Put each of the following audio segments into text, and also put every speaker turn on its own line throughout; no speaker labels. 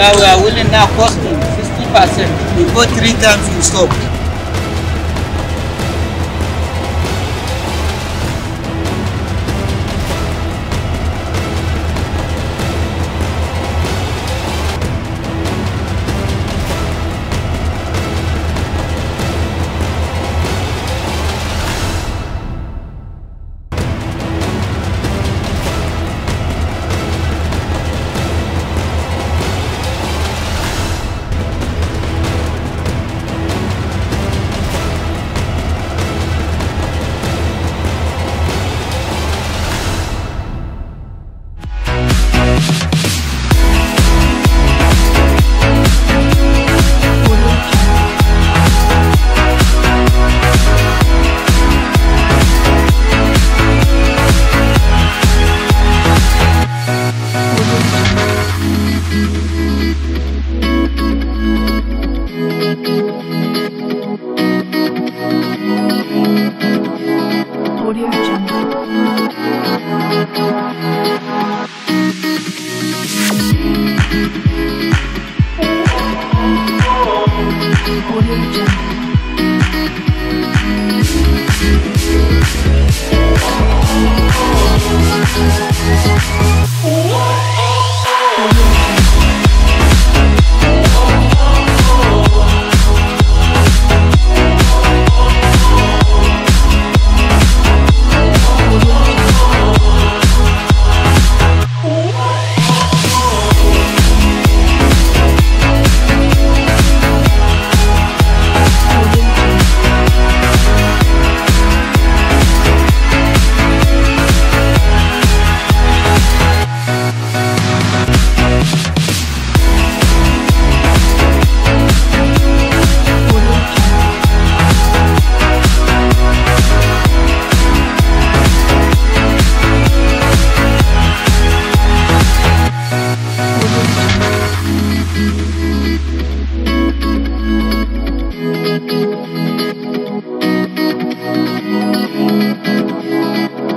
that we are willing now cost 60 percent. You go three times, you stop.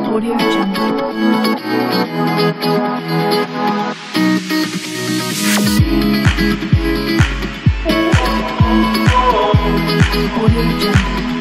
Audio Jungle. Audio Jungle.